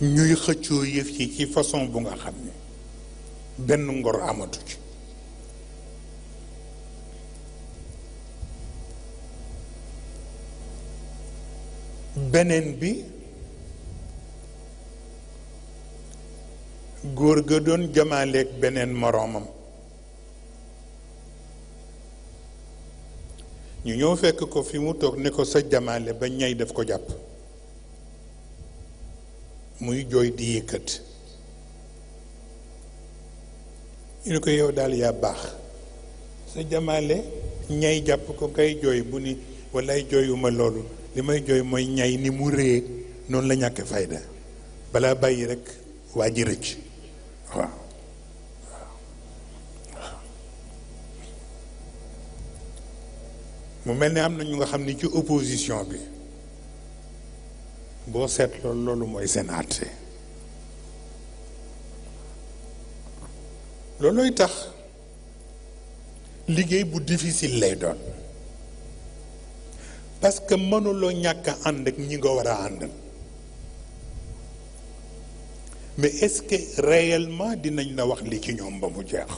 ñuy xëccoo yëf yi ci façon bu nga xam ne benn ngor amatu ci beneen bi góor ga doon jamaaleeg beneen moroomam ñu ñëw fekk ko fi mu toog ne ko sa jamale ba ñay def ko jàpp muy jooy di yëkkat ñu ne ko yow daal yaa baax sa jamaale ñay jàpp ko kay jooy bu ni wallaay jooyuma loolu li may jooy mooy ñay ni mu rëye noonu la ñàkk fayda balaa bàyyi rek waa ji rëcc waaw mu mel ni am na ñu nga xam ni ci opposition bi boo seetloo loolu mooy seen àtte loolooy tax liggéey bu difficile lay doon parce que mënuloo ñàkk a ànd ak ñi nga war a àndal mais est-ce que réellement dinañ la wax li ci ñoom ba mu jeex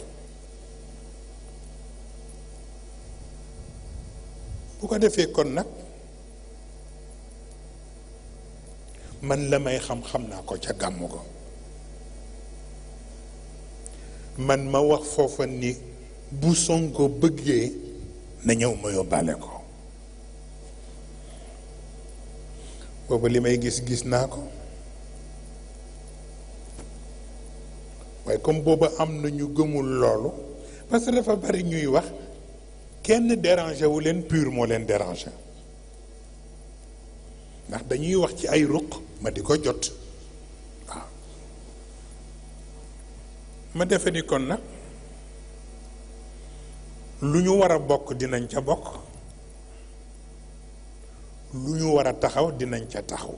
bu ko defee kon nag man la may xam xam naa ko ca gàmmu ko man ma wax foofa ni bu Sonko bëggee na ñëw ma yóbbaale ko boobu li may gis gis naa ko waaye comme booba am na ñu gëmul loolu parce que dafa bari ñuy wax kenn dérangé wu leen pur moo leen dérangé ndax dañuy wax ci ay ruq ma di ko jot waaw ma defe ni kon nag lu ñu war a bokk dinañ ca bokk lu ñu war a taxaw dinañ ca taxaw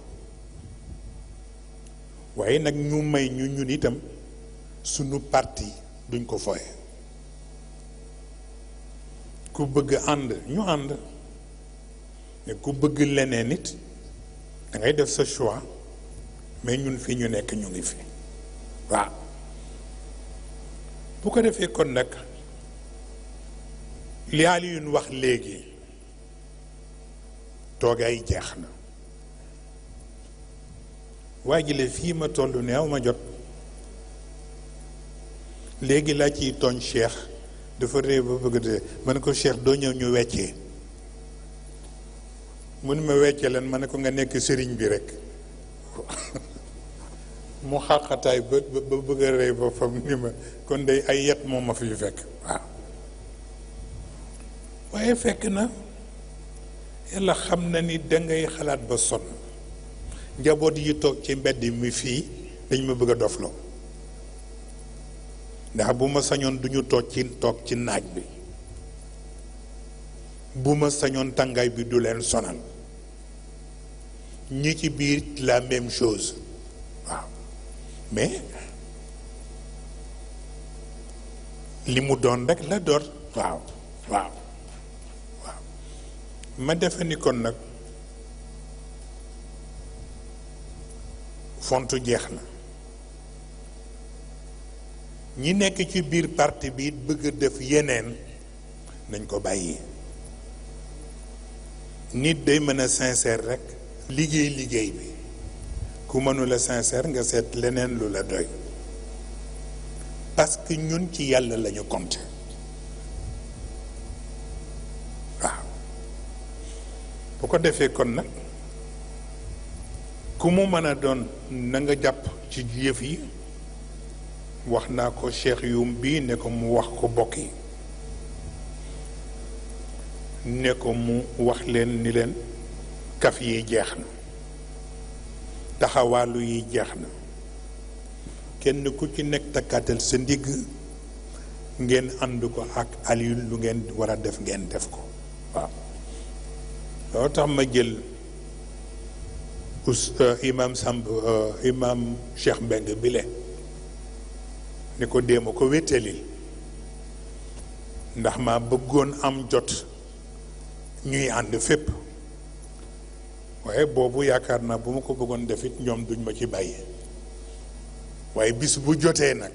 waaye nag ñu may ñu ñun itam sunu parti duñ ko fooye ku bëgg ànd ñu ànd ku bëgg leneen it dangay def sa choix mais ñun fi ñu nekk ñu ngi fi waaw bu ko defee kon nag li Alioune wax léegi toogaay jeex na waa ji fii ma toll neew ma jot léegi laa ciy tooñ Cheikh dafa réew ba bëgg de man ko Cheikh doo ñëw ñu weccee mun ma wecce leen ma ne ko nga nekk sëriñ bi rek mu xàqataay ba ba bëgg a rey ba fam ni ma kon day ay yet moom ma fi fekk waaye fekk na yàlla xam na ni dangay xalaat ba sonn njaboot yi toog ci mbedd mi fii dañ ma bëgg a dofloo ndax bu ma sañoon duñu toog ci toog ci naaj bi bu ma sañoon tàngaay bi du leen sonal ñi ci biir la même chose waaw mais li mu doon rekk la doon waaw waaw ma defe ni kon nag fontu jeex na ñi nekk ci biir parti bi bëgg def yeneen nañ ko bàyyi nit day mën a sincère rekk liggéey liggéey bi ku mënula sincère nga seet leneen lu la doy parce ñun ci yàlla lañu compter waaw boo ko defee kon nag ku mu mën a doon nanga jàpp ci yëf yi wax naa ko cheikh yum bii ne ko mu wax ko bokk yi ne ko mu wax leen ni leen kaf yi jeex na taxawaalu yi jeex na kenn ku ci nekk takkaatal sa ndigg ngeen ànd ko ak Alioune lu ngeen war a def ngeen def ko waaw loo tax ma jël us euh, imam Samb euh, imam Cheikh Mbeng bile ni ko déema ko wéttalil ndax ma bëggoon am jot ñuy ànd fépp waaye boobu yaakaar naa bu ma ko bëggoon defit ñoom duñ ma ci bàyyi waaye bis bu jotee nag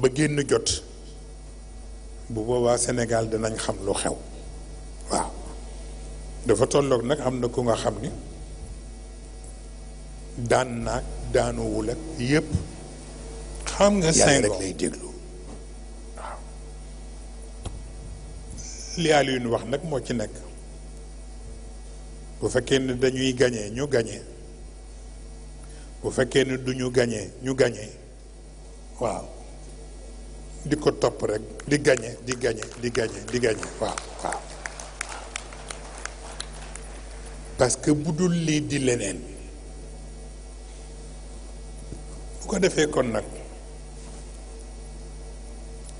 ba génn jot bu boobaa senegal danañ xam lu xew waaw dafa tolloog nag am na ku nga xam ni daan naag daanuwul ak yépp xam nga Senghor lay déglu li Alioune wax nag moo ci nekk bu fekkee ni dañuy gañee ñu gañee bu fekkee ne duñu ñu gañee ñu gañee waaw di ko topp rek di gañe di gañe di gañe di gañe waaw waaw parce que bu dul lii di leneen bu ko defee kon nag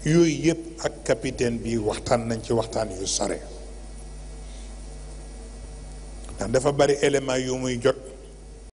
yooyu yëpp ak capitaine bi waxtaan nañ ci waxtaan yu sare dafa bari élément yu muy jot